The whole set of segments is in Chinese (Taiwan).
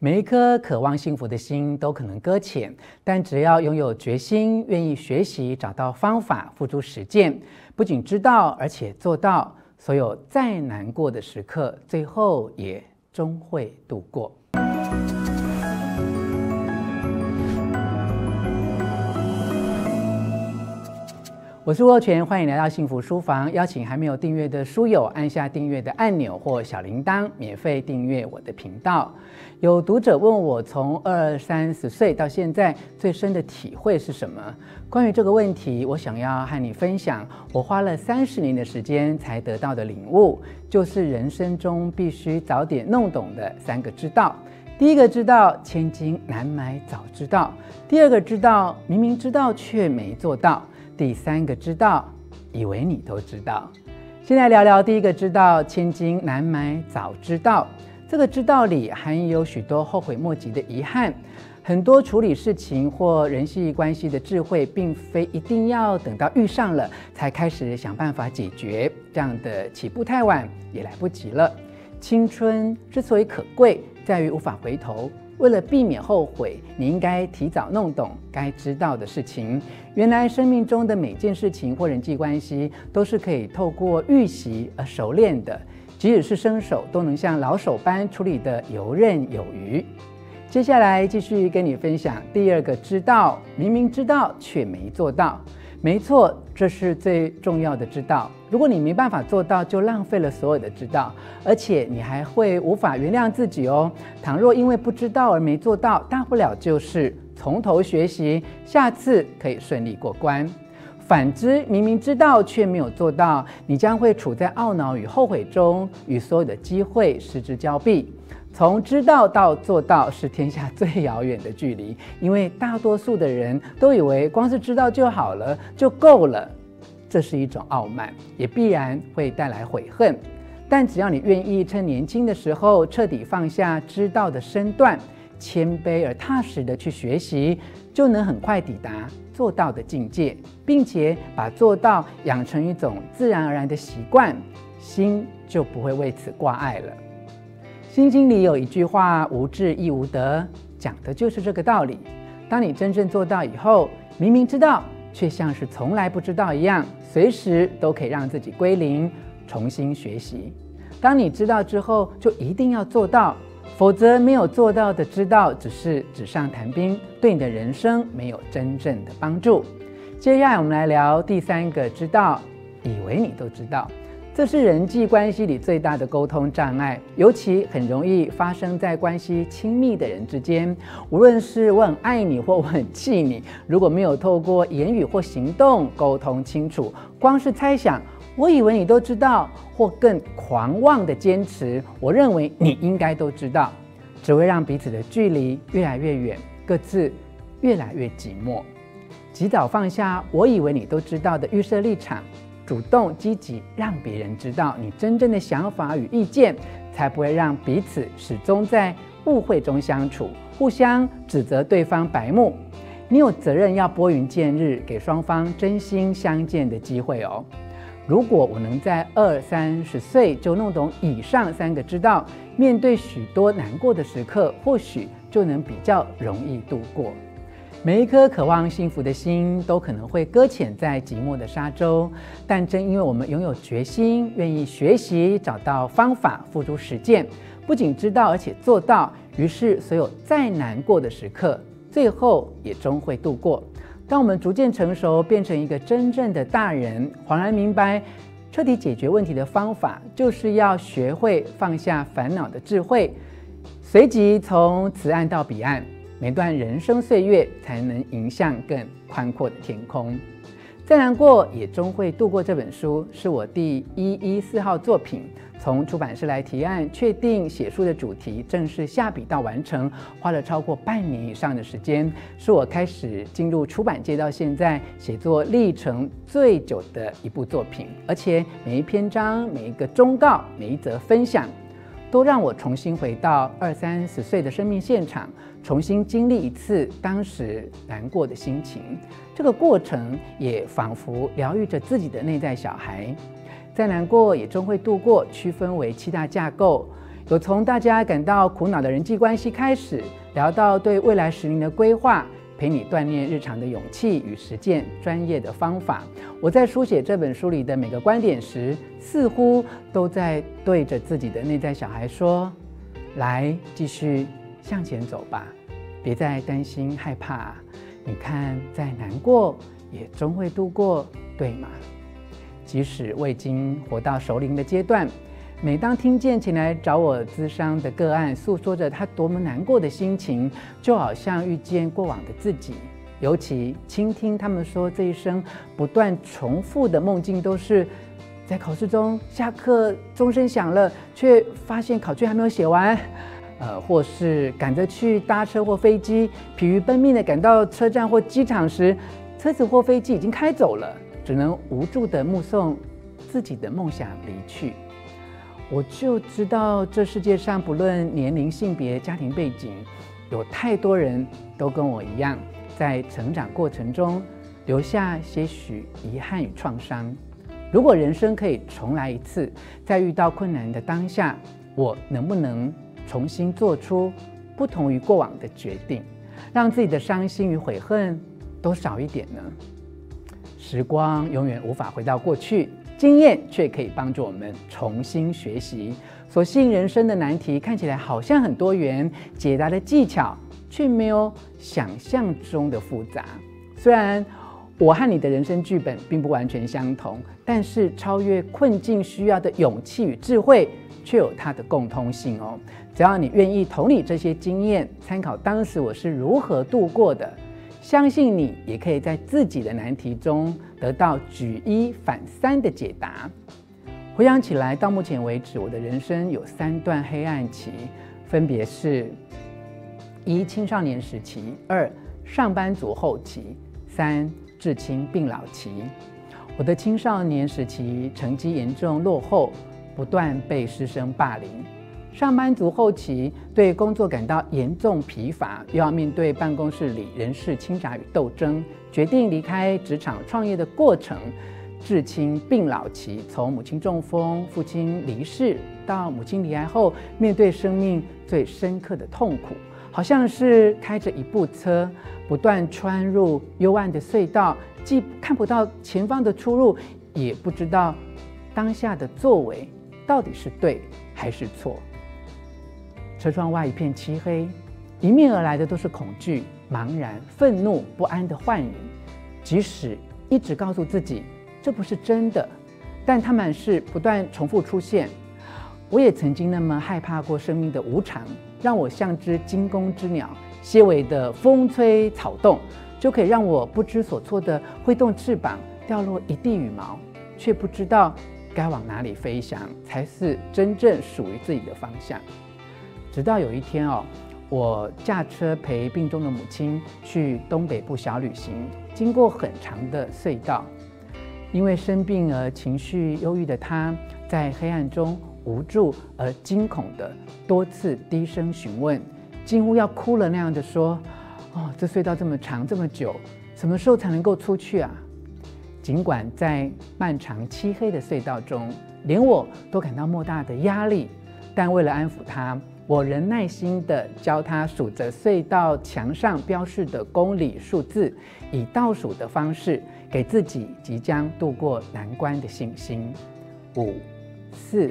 每一顆渴望幸福的心都可能擱淺，但只要擁有決心，願意學習，找到方法，付諸實踐，不僅知道，而且做到，所有再難過的時刻，最後也終會度過。我是若權，歡迎來到幸福書房。邀請還沒有訂閱的書友按下訂閱的按鈕或小鈴鐺，免費訂閱我的頻道。有讀者問我，從二三十歲到現在，最深的體會是什麼？關於這個問題，我想要和你分享，我花了三十年的時間才得到的領悟，就是人生中必須早點弄懂的三個知道。第一個知道，千金難買早知道；第二個知道，明明知道卻沒做到。第三個知道，以為你都知道。先來聊聊第一個知道，千金難買早知道。這個知道裡含有許多後悔莫及的遺憾，很多處理事情或人際關係的智慧，並非一定要等到遇上了才開始想辦法解決，這樣的起步太晚也來不及了。青春之所以可貴，在於無法回頭。為了避免後悔，你應該提早弄懂該知道的事情。原來，生命中的每件事情或人際關係，都是可以透過預習而熟練的，即使是生手，都能像老手般處理得游刃有餘。接下來繼續跟你分享第二個知道，明明知道卻沒做到。沒錯，這是最重要的知道。如果你沒辦法做到，就浪費了所有的知道，而且你還會無法原諒自己哦。倘若因為不知道而沒做到，大不了就是從頭學習，下次可以順利過關。反之，明明知道卻沒有做到，你將會處在懊惱與後悔中，與所有的機會失之交臂。從知道到做到，是天下最遙遠的距離，因為大多數的人都以為光是知道就好了，就夠了。這是一種傲慢，也必然會帶來悔恨。但只要你願意趁年輕的時候徹底放下知道的身段，謙卑而踏實的去學習，就能很快抵達做到的境界，並且把做到養成一種自然而然的習慣，心就不會為此掛礙了。《心經》裡有一句話：“無智亦無得”，講的就是這個道理。當你真正做到以後，明明知道。卻像是從來不知道一樣，隨時都可以讓自己歸零，重新學習。當你知道之後，就一定要做到，否則沒有做到的知道，只是紙上談兵，對你的人生沒有真正的幫助。接下來我們來聊第三個知道，以為你都知道。這是人際關係裡最大的溝通障礙，尤其很容易發生在關係親密的人之間。無論是我很愛你，或我很氣你，如果沒有透過言語或行動溝通清楚，光是猜想，我以為你都知道，或更狂妄的堅持，我認為你應該都知道，只會讓彼此的距離越來越遠，各自越來越寂寞。及早放下我以為你都知道的預設立場。主動積極，讓別人知道你真正的想法與意見，才不會讓彼此始終在誤會中相處，互相指責對方白目。你有責任要撥雲見日，給雙方真心相見的機會哦。如果我能在二三十歲就弄懂以上三個之道，面對許多難過的時刻，或許就能比較容易度過。每一顆渴望幸福的心，都可能會擱淺在寂寞的沙洲。但正因為我們擁有決心，願意學習，找到方法，付諸實踐，不僅知道，而且做到。於是，所有再難過的時刻，最後也終會度過。當我們逐漸成熟，變成一個真正的大人，恍然明白，徹底解決問題的方法，就是要學會放下煩惱的智慧。隨即，從此岸到彼岸。每段人生歲月，才能迎向更寬闊的天空。再難過，也終會度過。這本書是我第一一四號作品，從出版社來提案，確定寫書的主題，正式下筆到完成，花了超過半年以上的時間，是我開始進入出版界到現在寫作歷程最久的一部作品。而且每一篇章，每一個忠告，每一則分享，都讓我重新回到二三十歲的生命現場，重新經歷一次當時難過的心情。這個過程也仿佛療癒着自己的內在小孩。再難過也終會度過。區分為七大架構，有從大家感到苦惱的人際關係開始，聊到對未來十年的規劃。陪你鍛鍊日常的勇氣與實踐專業的方法。我在書寫這本書裡的每個觀點時，似乎都在對着自己的內在小孩說：“來，繼續向前走吧，別再擔心害怕。你看，再難過也終會度過，對嗎？即使未經活到熟齡的階段。”每當聽見前來找我諮商的個案訴說着他多麼難過的心情，就好像遇見過往的自己。尤其傾聽他們說這一生不斷重複的夢境，都是在考試中，下課鐘聲響了，却發現考卷還沒有寫完，呃，或是趕着去搭車或飛機，疲於奔命的趕到車站或機場時，車子或飛機已經開走了，只能無助的目送自己的夢想離去。我就知道，這世界上不論年齡、性別、家庭背景，有太多人都跟我一樣，在成長過程中留下些許遺憾與創傷。如果人生可以重來一次，在遇到困難的當下，我能不能重新做出不同於過往的決定，讓自己的傷心與悔恨都少一點呢？時光永遠無法回到過去。經驗卻可以幫助我們重新學習。所幸人生的難題看起來好像很多元，解答的技巧卻沒有想象中的複雜。雖然我和你的人生劇本並不完全相同，但是超越困境需要的勇氣與智慧卻有它的共通性哦。只要你願意同理這些經驗，參考當時我是如何度過的。相信你也可以在自己的難題中得到舉一反三的解答。回想起來，到目前為止，我的人生有三段黑暗期，分別是：一、青少年時期；二、上班族後期；三、至親病老期。我的青少年時期成績嚴重落後，不斷被師生霸凌。上班族後期對工作感到嚴重疲乏，又要面對辦公室裡人事傾軋與鬥爭，決定離開職場創業的過程；至親病老期，從母親中風、父親離世到母親離開後，面對生命最深刻的痛苦，好像是開着一部車，不斷穿入幽暗的隧道，既看不到前方的出路，也不知道當下的作為到底是對還是錯。車窗外一片漆黑，迎面而來的都是恐懼、茫然、憤怒、不安的幻影。即使一直告訴自己這不是真的，但他們是不斷重複出現。我也曾經那麼害怕過生命的無常，讓我像隻驚弓之鳥，細微的風吹草動就可以讓我不知所措的揮動翅膀，掉落一地羽毛，卻不知道該往哪裡飛翔，才是真正屬於自己的方向。直到有一天哦，我駕車陪病中的母親去東北部小旅行，經過很長的隧道，因為生病而情緒憂鬱的她，在黑暗中無助而驚恐地多次低聲詢問，幾乎要哭了那樣地說：“哦，這隧道這麼長這麼久，什麼時候才能夠出去啊？”儘管在漫長漆黑的隧道中，連我都感到莫大的壓力，但為了安撫她。我仍耐心地教他數着隧道牆上標示的公里數字，以倒數的方式給自己即將度過難關的信心。五、四、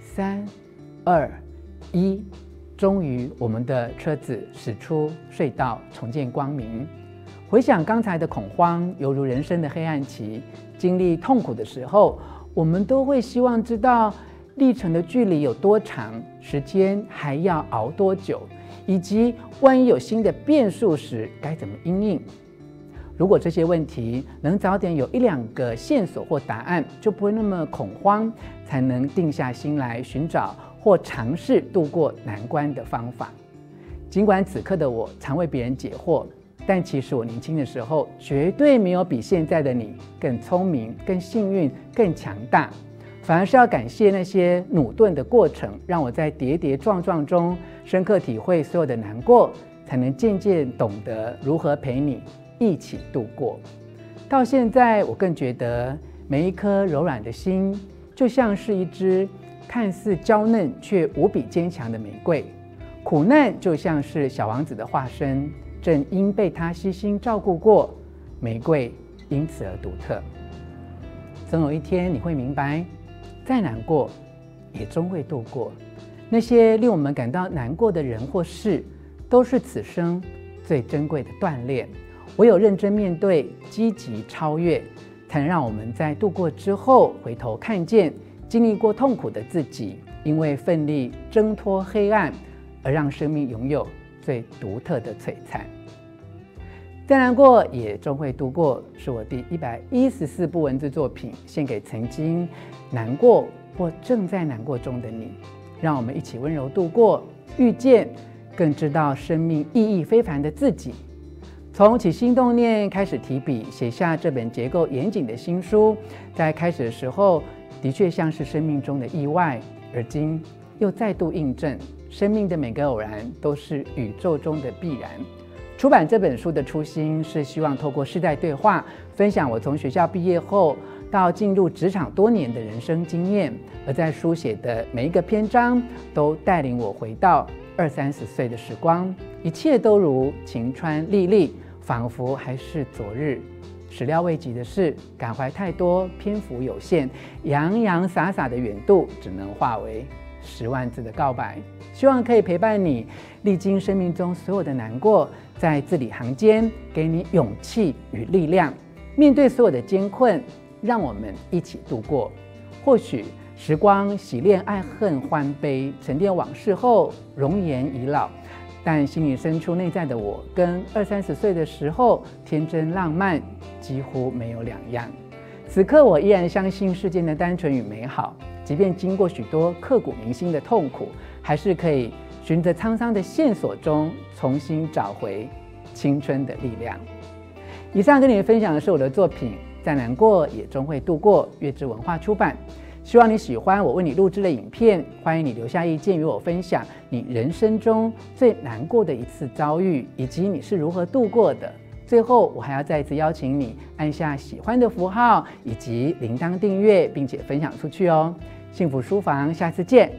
三、二、一，終於，我們的車子駛出隧道，重見光明。回想剛才的恐慌，猶如人生的黑暗期。經歷痛苦的時候，我們都會希望知道。歷程的距離有多長，時間還要熬多久，以及萬一有新的變數時該怎麼因應？如果這些問題能早點有一兩個線索或答案，就不會那麼恐慌，才能定下心來尋找或嘗試度過難關的方法。儘管此刻的我常為別人解惑，但其實我年輕的時候絕對沒有比現在的你更聰明、更幸運、更強大。反而是要感謝那些努頓的過程，讓我在跌跌撞撞中深刻體會所有的難過，才能漸漸懂得如何陪你一起度過。到現在，我更覺得每一顆柔軟的心，就像是一支看似嬌嫩卻無比堅強的玫瑰，苦難就像是小王子的化身，正因被他悉心照顧過，玫瑰因此而獨特。總有一天，你會明白。再難過，也終會度過。那些令我們感到難過的人或事，都是此生最珍貴的鍛鍊。唯有認真面對，積極超越，才能讓我們在度過之後回頭看見，經歷過痛苦的自己，因為奮力掙脫黑暗，而讓生命擁有最獨特的璀璨。再難過也終會度過，是我第一百一十四部文字作品，獻給曾經難過或正在難過中的你。讓我們一起溫柔度過，遇見，更知道生命意義非凡的自己。從起心動念開始提筆寫下這本結構嚴謹的新書，在開始的時候的確像是生命中的意外，而今又再度印證，生命的每個偶然都是宇宙中的必然。出版這本書的初心是希望透過世代對話，分享我從學校畢業後到進入職場多年的人生經驗。而在書寫的每一個篇章，都帶領我回到二三十歲的時光，一切都如晴川歷歷，仿佛還是昨日。始料未及的是，感懷太多，篇幅有限，洋洋灑灑的遠度只能化為十萬字的告白。希望可以陪伴你歷經生命中所有的難過。在字裡行間給你勇氣與力量，面對所有的艱困，讓我們一起度過。或許時光洗練愛恨歡悲，沉澱往事後容顏已老，但心裡深處內在的我，跟二三十歲的時候天真浪漫幾乎沒有兩樣。此刻我依然相信世間的單純與美好，即便經過許多刻骨銘心的痛苦，還是可以。循着滄桑的線索中，重新找回青春的力量。以上跟您分享的是我的作品《再難過，也終會度過》，悅知文化出版。希望你喜歡我為你錄製的影片，歡迎你留下意見與我分享你人生中最難過的一次遭遇，以及你是如何度過的。最後，我還要再一次邀請你按下喜歡的符號，以及鈴鐺訂閱，並且分享出去哦。幸福書房，下次見。